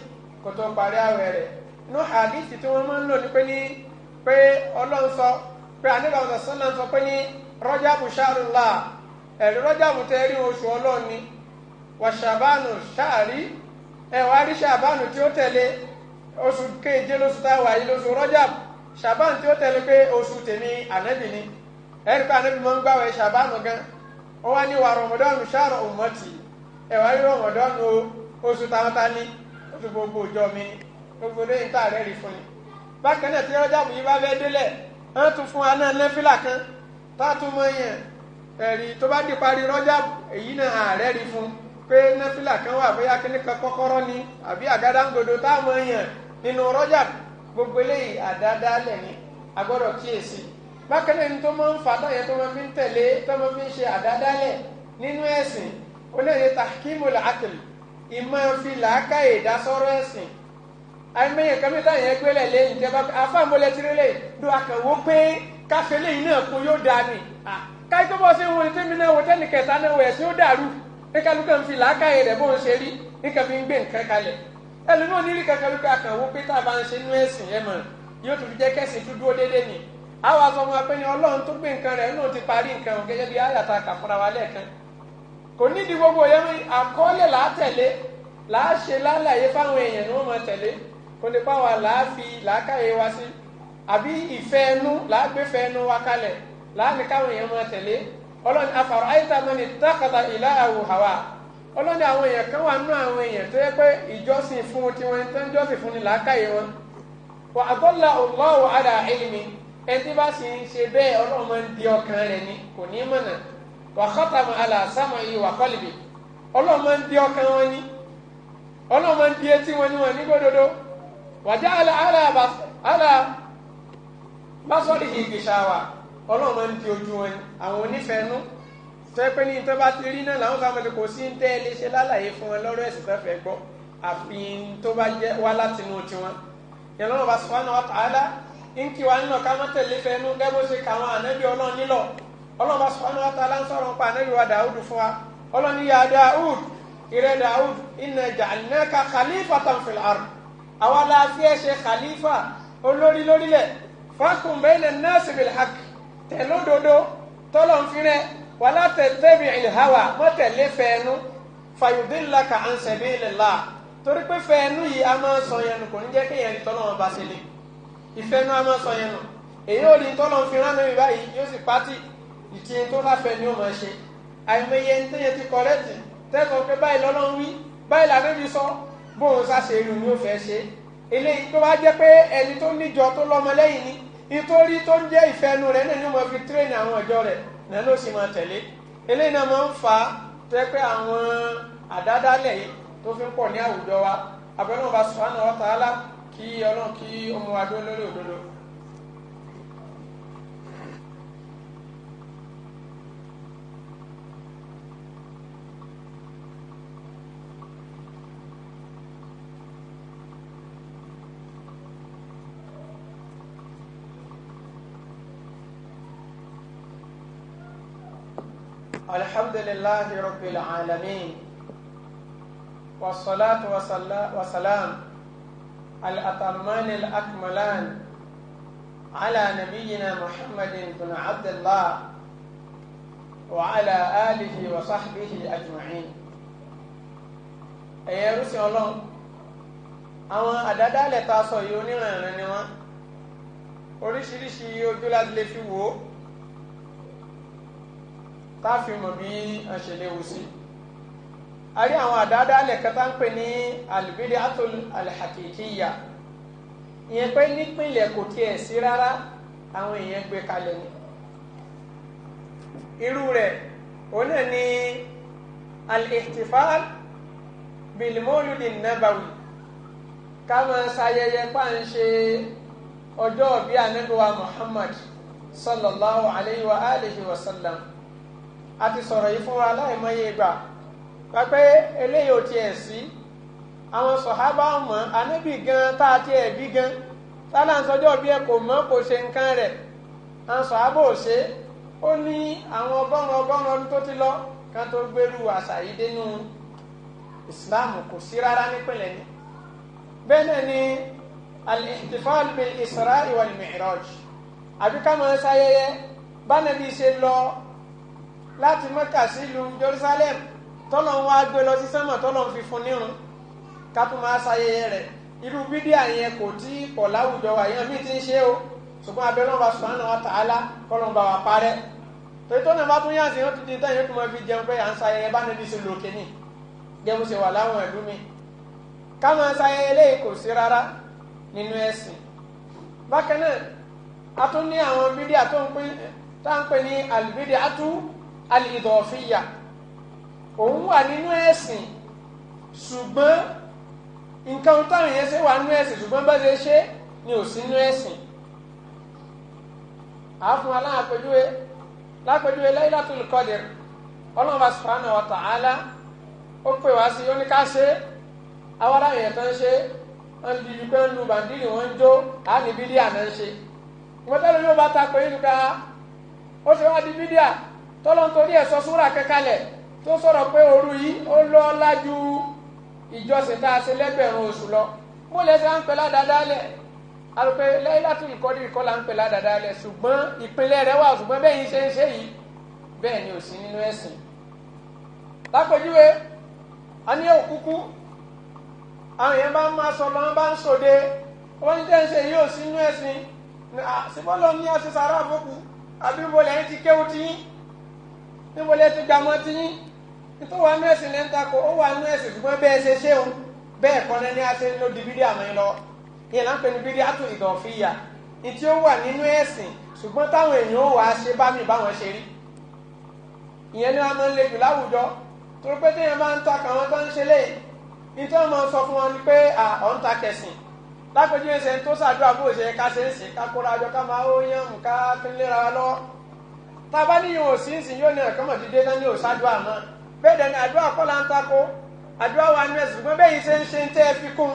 Speaker 1: kó parí àwẹ̀ rẹ̀ inú hadithi tí wọ́n máa ń lò ní pé ní pé ọlọ́run sọ pé àníbà ọ̀sán sọ́nà sọ pé ní rọ́jàbù ṣáàrùlá ẹ̀rí rọ́jàbù tẹ́ rí oṣù ọlọ́run ni wà ṣàbánù ṣáàrí ẹ̀ wá rí ṣàbánù tí ó tẹ̀lé oṣù keje lóṣù táwa yìí lóṣù rọ́jàbù ṣàbánù tí ó tẹ̀lé pé oṣù tèmi ànábì ni ẹ̀rí pé ànábì máa ń gbàwẹ̀ ṣàbánù gan ó wá ní wà rọmọdọ́nù ṣáàrọ̀ ummati ẹ̀ rí rọmọdọ́nù oṣù táwọn ta oṣù gbogbo ìjọ mi gbogbo lóyún tá a rẹ́ rí fún yín bákan náà tí rọ́jàbù yìí bá fẹ́ délẹ̀ wọ́n tún fún wa náà nẹ́fìlà kan tá a tún mọ yẹn ẹ̀rí tó bá di parí rọ́jàbù èyí náà a rẹ́ rí fún pé nẹ́fìlà kan wà bóyá kíní kan kọ́kọ́rọ́ ni àbí àgádágodo tá a mọ yẹn nínú rọ́jàbù gbogbo eléyìí àdáadáalẹ̀ ni a gbọ́dọ̀ kíyèsí bákan náà ní tó máa ń fa táyẹ̀ tó máa fi ń tẹ̀lé tó máa fi ń ṣe àdáadáalẹ̀ nínú ẹ̀sìn ó lè ní tahkimul akil ìmọ̀ fi làákàyè dá ẹ̀sìn àìmọye nǹkan mi táyà ẹgbẹ́ lẹ̀ lẹ́yìn tẹ́ bá afáàmọ́lẹ̀ tí lélẹ̀ do akànwó pé káfẹ́ lẹ́yìn náà kó yóò dáa nì káyí tó bọ́ sí wọn tí mi náà wọ tẹ́nì kẹta náà wọ ẹ̀sìn ó dàrú pé kálukà ń fi làákàyè rẹ̀ bó ń ṣe rí nǹkan fi ń gbé nǹkan kalẹ̀ ẹlòmí ò ní rí kankan wípé akànwó pé tá a bá ń ṣe inú ẹ̀sìn ẹ̀ mọ̀ yóò tún jẹ́ kẹ́sìn tún dúró déédéé nì àwa sọ wọn pé ní ọlọ́run tó gbé nǹkan rẹ̀ náà ti parí nǹkan gẹ́gẹ́ bí àyàtà kàfúnra wa lẹ́ẹ̀kan kò nídìí gbogbo yẹn àkọọ́lẹ̀ làátẹ̀lé làá ṣe lálàyé fáwọn èèyàn ni wọ́n máa kò ní pàwọn àlàáfi làákàyè wa sí àbí ìfẹ́ ẹnu làágbéfẹ́ ẹnu wa kalẹ̀ láàníkàwọn èèyàn máa tẹ̀lé ọlọ́ni afàrọ̀ àyíká mọ́ ni tákàtà ìlà àwò hàwà ọlọ́ni àwọn èèyàn kan wà nínú àwọn èèyàn tó yẹ pé ìjọsìn fún tiwọn tó ń jọ́sìn fún ni làákàyè wọn wà àgọ́là Allahu àdà ilmi ẹtí bá sì ń ṣe bẹ́ẹ̀ ọlọ́run máa ń di ọkàn rẹ̀ wọn ni ọlọ́run ń di etí wọn ni wọn ní gbódodo wàjá àlà àlà básọ́lì ìgbìṣàwà ọlọ́run máa ń di ojú wọn àwọn onífẹ́nu tẹ́ pé ní tẹ́ bá ti rí náà làwọn sáà kò sí ń tẹ́ ẹ lè ṣe lálàyé fún wọn lọ́rọ̀ ẹ̀sìn tẹ́fẹ́ gbọ́ àfi tó bá jẹ́ wá látinú tiwọn yẹn lọ́nà bá sọ́nà wa tààdá ń kí wa nínà ká tẹ̀lé fẹ́nu gẹ́gbó ṣe káwọn ànábì ọlọ́run nílọ̀ ọlọ́run bá sọ́nà wa tààdá àwa la fi ẹ́ ṣe khalifa olórí lórílẹ̀ fákùn bẹ́ẹ̀lẹ̀ nọ́ọ̀sì bil haq tẹ̀lódodo tọ́lọ̀ ń firẹ́ wàlá tẹ̀tẹ̀bi ìlhàwà mọ́tẹ̀lé fẹ́ẹ́nu fàyọ̀dínlá ka à ń sẹ̀bí ìlẹ̀lá torí pé fẹ́ẹ́nu yìí a máa sọ yẹn nù kò ní jẹ́ kéèyàn rí tọ́lọ̀ wọn bá sílẹ̀ ìfẹ́nu a máa sọ yẹn nù èyí ò ní tọ́lọ̀ ń firẹ́ lórí báyìí yóò sì pátì ìtì tó bá ni ó máa ṣe àìmọye ní tẹ́yẹ ti kọ̀rẹ́tì tẹ́sán pé báyìí lọ́lọ́ ń wí báyìí làdébí sọ bóun sáṣe irun ni ó fẹ́ ṣe eléyìí tó bá jẹ́ pé ẹni tó níjọ tó lọ́mọ lẹ́yìn ni nítorí tó ń jẹ́ ìfẹ́nu rẹ̀ náà ni mo fi tírèèni àwọn ọjọ́ rẹ̀ náà ló sì máa tẹ̀lé eléyìí náà máa ń fa tẹ́ pé àwọn àdádálẹ̀ yìí tó fi ń pọ̀ ní àwùjọ wa àbẹ̀lẹ́ wọn bá subhanahu wa ta'ala kí ọlọ́run kí ọmọ wa dó lórí òdodo. الحمد لله رب العالمين والصلاة والسلام الأتمان الأكملان على نبينا محمد بن عبد الله وعلى آله وصحبه أجمعين ẹ̀yẹ rúsìn ọlọ́run àwọn àdádálẹ̀ tá a sọ yìí oníranran ni wọ́n oríṣiríṣi ojú lè fi wò ó táàfin mọ̀ bí wọ́n ṣe léwu sí a rí àwọn àdáadáalẹ̀ kan tá ń pè ní alibidi atul alihakikiya ìyẹn pé nípìnlẹ̀ kò tiẹ̀ sí rárá àwọn èèyàn gbé kalẹ̀ ni irú rẹ̀ òun náà ni al-ihtifal nabawi ká ṣayẹyẹ pa ń ṣe ọjọ́ bíi anabiwa muhammad sallallahu alayhi wa alihi wa sallam a ti sọ̀rọ̀ yìí fún wa láìmọye ìgbà pẹ́pẹ́ eléyìí ò tiẹ̀ sí àwọn sọ̀hábà mọ̀ ànábì gan tá a tiẹ̀ bí gan tálà ń sọjọ́ bí ẹ kò mọ̀ kò ṣe nǹkan rẹ̀ àwọn sọ̀hábà ò ṣe ó ní àwọn ọgọ́rùn-ún ọgọ́rùn-ún ọdún tó ti lọ kan tó gbèrú àṣà yìí dénú ìsìláàmù kò sí rárá nípìnlẹ̀ ni bẹ́ẹ̀ náà ni al-ihtifal bil Isra wal Mi'raj àbí ṣayẹyẹ bá nàbí ṣe lọ láti mẹ́kà sí ìlú Jerusalem tọ́lọ̀ ń wá gbé lọ sí sánmà tọ́lọ̀ ń fi fún nírun ká tún máa ṣayẹyẹ rẹ̀ irú bídíà yẹn kò tí pọ̀ láwùjọ wa yẹn mí ti ń ṣe o ṣùgbọ́n abẹ́lẹ́ wa sùn àná wa tààlà kọ́lọ́ bá wa parẹ́ torí tó bá tún yàn sí yóò tún di tán yóò tún máa fi jẹun pé à ń ṣayẹyẹ bá níbi sí lòkè ní jẹun ṣe wà láwọn ìlú mi ká máa ṣayẹyẹ léyìí kò sí rárá nínú ẹ̀sìn bákan náà a tún ní àwọn bídíà tó ń pín ń pè ní àlùbídíà tún alìdọ̀fíyà òun wà nínú ẹ̀sìn ṣùgbọ́n nǹkan táwọn èèyàn ṣe wà nínú ẹ̀sìn ṣùgbọ́n bá ṣe ṣe ni ò sí nínú ẹ̀sìn àáfún aláàpẹjúwe lápẹjúwe Laylatul Qadr ọlọ́run bá subhanahu wa ta'ala ó pè wá sí oníká ṣe àwọn aráàlú yẹn tó ń ṣe ń di ju pé ń lu bàndínì wọn ń jó àánibídíà náà ń ṣe ìmọ̀tẹ́lẹ̀ yóò bá ta pé nípa ó ṣe wá di bídíà tọ́lọ́ nítorí ẹ̀ sọ súrà kẹkalẹ̀ tó sọ̀rọ̀ pé òru yìí ó lọ lájú ìjọsìn tá a ṣe lẹ́gbẹ̀rún oṣù lọ mo lè ṣe à ń pè ládàáda lẹ̀ alùpẹ̀ láìláàtú ìkọ́rí ìkọ́lá ń pè ládàáda lẹ̀ ṣùgbọ́n ìpínlẹ̀ rẹ wà ṣùgbọ́n bẹ́ẹ̀ yìí ṣe ń ṣe yìí bẹ́ẹ̀ ni ò sí nínú ẹ̀sìn lápèjúwe a ní òkúkú àwọn èèyàn bá ń máa sọ lọ́wọ́ bá ń sòde wọ́n ní tẹ́ ń ṣe yìí ò sí nínú ẹ̀sìn síbọ́lọ́ ní àṣìṣàrà àfọ́kù àbí mo lẹ́yìn ti kéwù tí yín níbo lẹ ti gbàmọ́ ti yín nítorí wà nú ẹ̀sìn lẹ́ńtà kó ó wà nú ẹ̀sìn ṣùgbọ́n bẹ́ẹ̀ ṣe ṣé òun bẹ́ẹ̀ kọ́ ní a ṣe lo di bídíà mọ́ ẹ lọ ìyẹn là ń pè ní bídíà tó ìdọ̀fìyà ní tí ó wà nínú ẹ̀sìn ṣùgbọ́n táwọn èèyàn ò wá ṣe bá mi báwọn ṣe rí ìyẹn ni wọn máa ń le jù láwùjọ torí pé téèyàn máa ń ta kàwọn tó ń ṣe lé nítorí wọn máa ń sọ fún wọn ni pé à ọ̀ ń ta kẹ̀sìn lápèjúwe ṣe tó ṣàdúrà bó ṣe ká ṣe ń ṣe ká tá a bá níyàn òsì ń sìn yóò ní ẹ̀kọ́ mọ̀ dídé náà ní òṣàdúrà mọ́ bẹ́ẹ̀ dẹ̀ ní àdúrà kọ́ la ń takò àdúrà wa ní ẹ̀sìn ṣùgbọ́n bẹ́ẹ̀ ṣe ń ṣe ń tẹ́ ẹ fi kún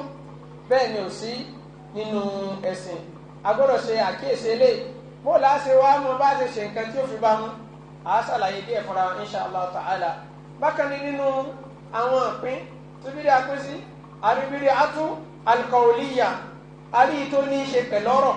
Speaker 1: bẹ́ẹ̀ ni ò nínú ẹ̀sìn a ṣe àkíyèsí eléyìí bó láṣẹ wa mọ bá ṣe ṣe nǹkan tí ó fi bá mú a ṣàlàyé díẹ̀ fúnra insha ta'ala bákan ní nínú àwọn ìpín tó bí dí apín sí àríbírí atú alkọ̀ọ́líyà àrí tó ní í ṣe pẹ̀lọ́rọ̀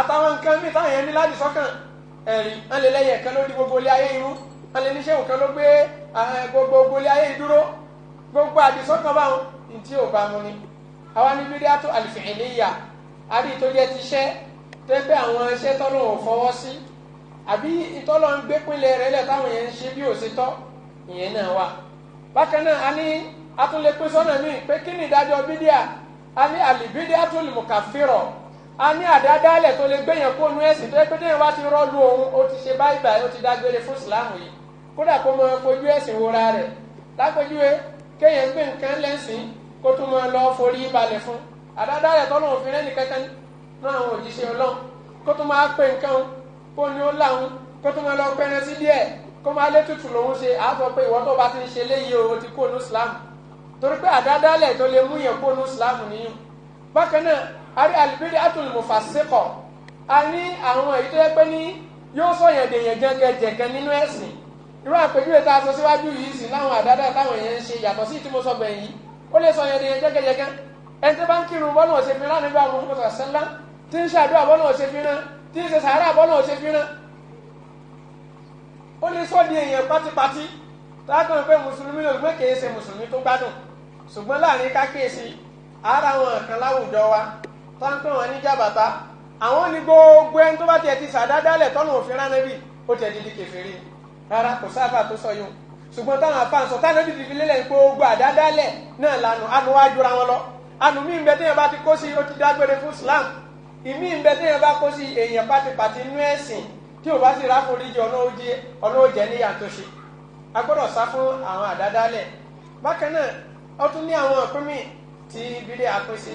Speaker 1: àtàwọn nǹkan mi táwọn yẹn ní láti sọ́kàn ẹ̀rìn wọn lè lẹ́yìn ẹ̀kan ló di gbogbo ilé ayé irú wọn lè níṣẹ́ òkan ló gbé gbogbo ilé ayé dúró gbogbo àdìsọ́kàn báwọn ní ò bá mu ni àwa ní bídíà tó àlìfìhìnìyà àrí tó jẹ́ ti iṣẹ́ tó pé àwọn iṣẹ́ tọ́lọ́ ò fọwọ́ sí àbí ìtọ́lọ́ ń gbé pínlẹ̀ rẹ̀ lẹ̀ táwọn yẹn ń ṣe bí òṣètọ́ ìyẹn náà wà bákan náà a ní atúnlẹ̀pẹ́ ni ìdájọ́ bídíà a ní àlìbídíà tó a ní àdádálẹ̀ tó lè gbéyàn kó nu ẹ̀sìn tó yẹ pé téèyàn bá ti rọ́ọ̀lù òun ó ti ṣe báyìí báyìí ó ti dágbére fún ìsìláàmù yìí kódà kó mọ fojú ẹ̀sìn wora rẹ̀ lápẹjúwe kéèyàn gbé nǹkan lẹ́sìn kó tún mọ lọ forí balẹ̀ fún àdádálẹ̀ tọ́lọ́run fi rẹ́ni kankan náà àwọn òjíṣẹ́ ọlọ́run kó tún máa pè nǹkan kó ní ó láwọn kó tún máa lọ pẹ́rẹ́ sí díẹ̀ kó máa lé tutù lòun ṣe á sọ pé ìwọ tó bá ti ń ṣe léyìí o ti kó nu ìsìláàmù torí pé àdádálẹ̀ tó lè Ari rí alibiri atul mufasikọ a ní àwọn èyí tó yẹ pé ní yóò sọyàn dèyàn jẹkẹjẹkẹ nínú ẹ̀sìn irú àpèjúwe tá a sọ síwájú yìí sí láwọn àdáda táwọn èèyàn ń ṣe yàtọ̀ sí ìtumọ̀ sọgbẹ̀ yìí ó lè sọyàn dèyàn jẹkẹjẹkẹ ẹni tó bá ń kírun bọ́nà òṣèfin rán nígbà wọn fún sàṣẹ́lá tí ń ṣàdúrà bọ́nà òṣèfin rán tí ń ṣe sàárà bọ́nà òṣèfin rán ó lè sọ di èèyàn pátípátí tákàn pé mùsùlùmí ló gbé kèé ṣe mùsùlùmí tó gbádùn ṣùgbọ́n láàrin ara wọn kan láwùjọ tá ń pè wọ́n ní jàbàtà àwọn ní gbogbo ẹni tó bá tiẹ̀ ti sàdádálẹ̀ tọ́nà òfin ránẹ́bì ó tiẹ̀ di di kèfèrí rárá kò sáfà tó sọ yún ṣùgbọ́n táwọn afáǹsọ táwọn ẹbí ti fi lélẹ̀ gbogbo àdádálẹ̀ náà lànà àánú wá jura wọn lọ àánú mí bẹ téèyàn bá ti kó sí ó ti dágbére fún Islam ìmí bẹ téèyàn bá kó sí èèyàn pátipàti inú ẹ̀sìn tí ò bá sì ráforíjì ọ̀nà òjẹ níyà tó a gbọ́dọ̀ sá fún àwọn àdádálẹ̀ bákan náà ó ní àwọn ìpínmì tí bídé àpín sí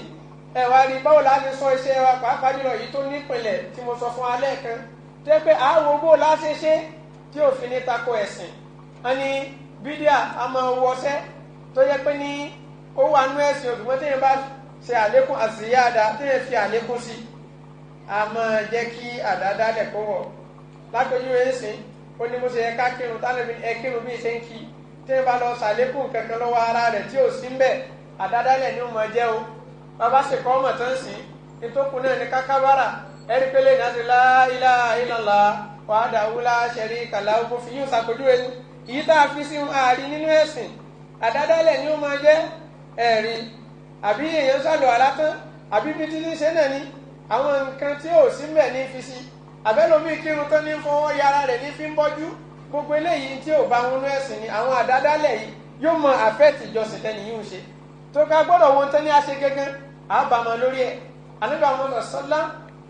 Speaker 1: ẹ wá rí báwo la ṣe sọ iṣẹ́ wa pàápàá jùlọ yìí tó nípìnlẹ̀ tí mo sọ fún alẹ́ kan tẹ́ pé àáwọ̀ bó la ṣe ṣe tí òfin ní tako ẹ̀sìn ẹni bídíà a máa wọ ọṣẹ tó yẹ pé ní ó wà nú bá ṣe àlékún fi àlékún sí a máa kí kó lápẹjú ó ní mo ṣe kírun bí ṣe ń kí bá lọ ṣàlékún kankan ara tí ò sí ó máa bàbá ṣe kọ́ ọmọ tán sí ìtòkù náà ní kákábàrà ẹ̀rí pélé ní àti láìlá ìlàlá wàhádà wúlá ṣẹ̀rí kàlà ogun fi yíò ṣàpèjúwe ní èyí tá a fi sí ààrí nínú ẹ̀sìn àdádálẹ̀ ni ó máa jẹ́ ẹ̀rí àbí èèyàn ṣàlùwà látán àbí bí títí ṣe náà ni àwọn nǹkan tí ò sí mbẹ̀ ní fi sí àbẹ́lómi kírun tó ní fọwọ́ yára rẹ̀ ní fi ń bọ́jú gbogbo eléyìí tí ò bá wọn nú ẹ̀sìn ni àwọn àdádálẹ̀ yìí yóò mọ àfẹ́ẹ̀tì ìjọsìn tẹ́ni ń ṣe tó ká gbọ́dọ̀ wọn tán ní àṣẹ gẹ́gẹ́ àbámọ́ lórí ẹ̀ àníbà wọn lọ sọ́lá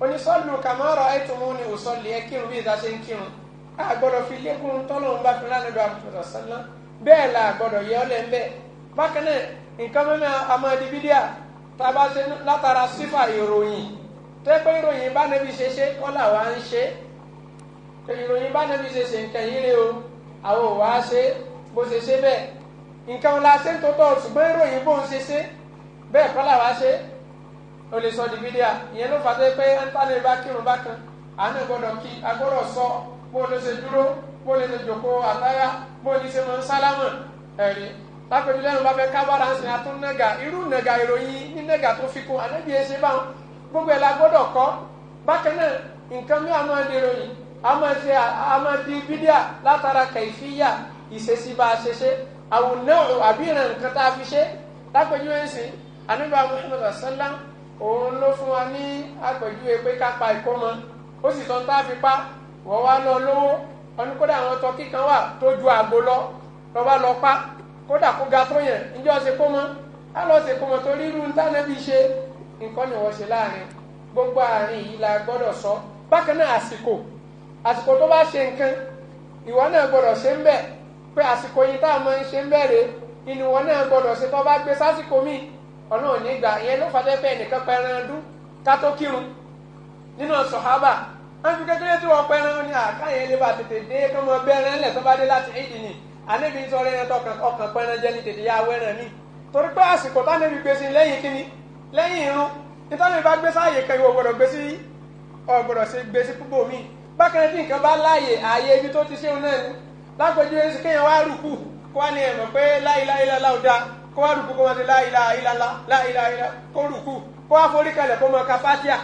Speaker 1: onísọ́lù kàmọ́rọ̀ ẹ̀tùmú ni òsọ̀lì ẹ̀ kírun bí ìdáṣe ń kírun á gbọ́dọ̀ fi lékún tọ́lọ́run bá fi lánàá lọ sọ́lá bẹ́ẹ̀ la gbọ́dọ̀ yẹ ọ́ lẹ̀ ń bẹ́ẹ̀ bákan náà nǹkan mímọ́ amadi bídíà tá a bá ṣe látara sífà ìròyìn tẹ́ pé ìròyìn bá nẹ́bí ṣe ṣe kọ́ làwa ń ṣe ìròyìn bá nẹ́bí ṣe ṣe nǹkan yìí o àwọn ò wá ṣe bó ṣe ṣe bẹ́ẹ̀ nǹkan la ṣe ń tó tọ́ ṣùgbọ́n ìròyìn bó ń ṣe ṣe bẹ́ẹ̀ kọ́ làwa ṣe o lè sọ di bídíà ìyẹn ló fà tó pé ẹnìtàlẹ́ bá kírun bá kan àánú gbọ́dọ̀ kí agbọ́dọ̀ sọ bó ló ṣe dúró bó ló ṣe jòkó àtàrà bó ní ṣe mọ sálámà ẹ̀rí lápẹ̀jù lẹ́nu bá fẹ́ kábàrà ń sin atún nẹ́gà irú nẹ́gà ìròyìn ní nẹ́gà tó fi kún ànábì ẹ̀ṣẹ̀ báwọn gbogbo ẹ̀ la gbọ́dọ̀ kọ́ bákan náà nǹkan mi àmọ́ di ìròyìn àmọ́ di bídíà látara kẹ̀fíyà ìṣesí bá a ṣe ṣe àwùná àbí nǹkan tá a fi ṣe lápẹjúwe sí anábà muhammed asálá òun ló fún wa ní àpẹjúwe pé ká pa ìkómọ ó sì tán tá a fi pa wọ́n wá lọ lówó ọdún kódà àwọn tọkí kan wà tó ju àgbo lọ lọ́ba lọ pa kódà kó ga tó yẹn ǹjẹ́ ọ̀sẹ̀ kó mọ́ á lọ ṣe kó mọ́ torí irú ntánẹ́bí ṣe nǹkan ni wọ́n ṣe láàrin gbogbo àárín yìí la gbọ́dọ̀ sọ bákan náà àsìkò àsìkò tó bá ṣe nǹkan ìwọ náà gbọ́dọ̀ ṣe ń bẹ́ẹ̀ pé àsìkò yìí tá a máa ń ṣe ń bẹ̀rẹ̀ inú wọn náà gbọdọ̀ ṣe tó bá gbé sásìkò míì ọlọ́run nígbà ìyẹn ló fàtẹ́ fẹ́ nìkan pẹran dún ká tó kírun nínú sọ̀hábà wọn fi kékeré tí wọn pẹran ní àkáyẹn lè bá tètè dé kán mọ bẹ́ẹ̀rẹ́ ńlẹ̀ tó bá dé láti ìdì ni àníbi sọ̀rọ̀ ẹ̀yẹn tọkàn ọkàn pẹran jẹ́ ní tètè yá wẹ́ràn mi torí pé àsìkò táníbi gbé sí lẹ́yìn kíni lẹ́yìn irun nítorí bá gbé sáàyè kan ìwọ gbọdọ̀ gbé sí ọ̀gbọ̀dọ̀ sí gbé sí púpọ̀ mi bákan tí nǹkan bá láàyè ààyè ibi tó ti ṣéun náà ni lápẹjú ẹsẹ kéèyàn wá rúkú kó wá ní ẹ̀mọ̀ pé láìláìlá ọ̀dà kó wá rúkú kó wá ní láìláìlá láìláìlá kó rúkú kó wá forí kalẹ̀ kó mọ kàfátíà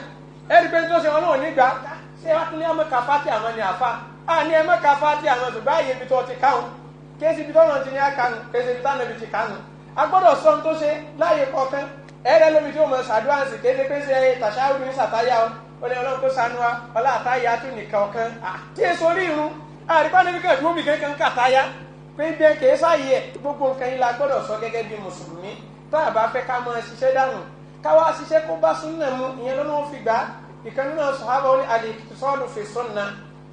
Speaker 1: ẹ̀rí pé tó ṣe wọn náà nígbà ṣé wá tún ní ọmọ kàfátíà mọ ní àfa á ní ẹmọ kàfátíà mọ tó báyìí ibi tó ti káwọn kéésì ibi tọ́nà ti ní àkànú kéésì ibi tánà ibi ti kànú a gbọ́dọ̀ sọ ohun tó ṣe láàyè kọ̀ọ̀kan ẹ̀rẹ́ lómi tí ó mọ ṣàdúrànsì kéésì pé ṣe tàṣáwùdù ní sàtáyà ó ní ọlọ́run àríkọ́ níbi kan ìdúró mi kankan kàtáyà pé bẹ́ẹ̀ kì í sáàyè ẹ̀ gbogbo nǹkan yìí la gbọ́dọ̀ sọ gẹ́gẹ́ bí mùsùlùmí tá a bá fẹ́ ká máa ṣiṣẹ́ dànù káwá ṣiṣẹ́ kó bá súnà mu ìyẹn lọ́nà ó fi gbà á ìkan nínú sọ̀hábà orí al-iqtisadu fi sunna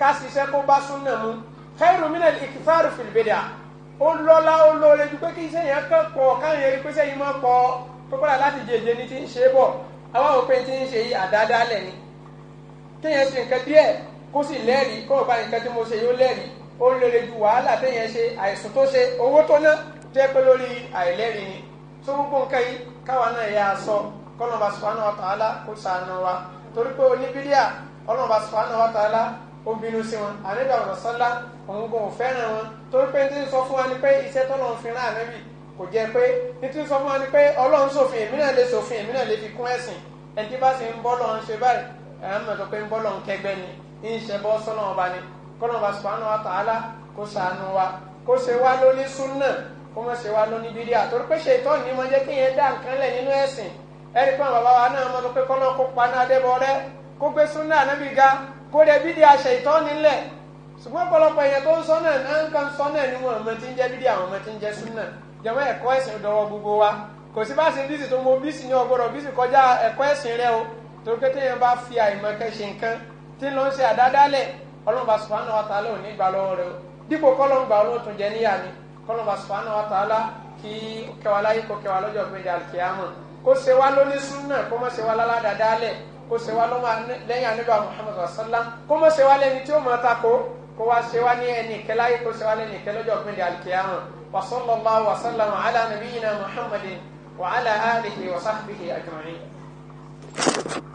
Speaker 1: ká ṣiṣẹ́ kó bá súnà mu khairu min al-iktharu fil bid'a ó lọ́lá ó lóore ju pé kí iṣẹ́ yẹn kàn káyọ̀ erí pé sẹ́yìn máa pọ̀ pípọ́lá láti jèjè ni ti ń ṣe bọ̀ àwọn òpin ti ń ṣe yìí àdáadáa lẹ̀ ni kéèyàn ṣe nǹkan díẹ̀ kó sì lẹ́rìí kó o bá nǹkan tí mo ṣe yóò lẹ́rìí ó ń lere ju wàhálà téèyàn ṣe àìsùn tó ṣe owó tó ná tó yẹ pé lórí àìlẹ́rìí ni tó gbogbo nǹkan yìí káwa náà yà á sọ kọ́nọ̀bà subhanahu wa ta'ala kó sànù wa torí pé oníbíríà ọlọ́ọ̀bà subhanahu wa ta'ala ó bínú sí wọn àníbà ọ̀rọ̀ sọ́lá òun kò fẹ́ràn wọn torí pé nítorí sọ fún wa ni pé iṣẹ́ tọ́lọ́run fi rán ànábì kò jẹ́ pé nítorí sọ fún wa ni pé ọlọ́run sòfin èmi náà lè sòfin èmi náà lè fi kún ẹ̀sìn ẹni bá sì ń bọ́ lọ́run ṣe báyìí ẹ̀ ń ṣe bọ́ sọ́nà ọba ni kọ́nà ọba subhanahu wa ta'ala kó ṣàánú wa kó ṣe wá lóní súnà kó mọ̀ ṣe wá lóní bídíà torí pé ṣètọ́ ni mo jẹ́ kí yẹn dá nǹkan lẹ̀ nínú ẹ̀sìn ẹ̀rí pé bàbá wa náà mọ̀ pé kọ́nà kó paná adébọ̀rẹ́ kó gbé súnà ànábì ga kó rẹ bídíà ṣètọ́ nílẹ̀ ṣùgbọ́n ọ̀pọ̀lọpọ̀ èèyàn tó ń sọ náà náà ń kan sọ náà ni wọn ọmọ tí ń jẹ́ bídíà àwọn ọmọ tí ń jẹ́ súnà jẹ̀mọ́ ẹ̀kọ́ ẹ̀sìn dọ̀wọ́ gbogbo wa kò sí bá ṣe bísí tó mọ bísí ní ọgbọ́dọ̀ bísí kọjá ẹ̀kọ́ ẹ̀sìn rẹ o torí pé téèyàn bá fi àìmọ̀kẹ́ ṣe nǹkan tí ló ń ṣe àdádálẹ̀ ọlọ́run bá subhanahu wa ta'ala ò ní gbà lọ́wọ́ rẹ o dípò kọ́lọ́run gbà ọlọ́run tún jẹ níyà ni kọ́lọ́run bá subhanahu wa ta'ala kí kẹwàá láyé kó kẹwàá lọ́jọ́ péjì alkiyama kó ṣe wá lóní súnà kó má ṣe wá láládàádálẹ̀ kó ṣe wá lọ́mọ lẹ́yìn anábà muhammadu sallam kó má ṣe wá lẹ́ni tí ó mọ̀ ta kó wá ṣe wá ní ẹnì kẹláyé kó ṣe wá lẹ́ni kẹ lọ́jọ́ péjì alkiyama wa sallallahu wa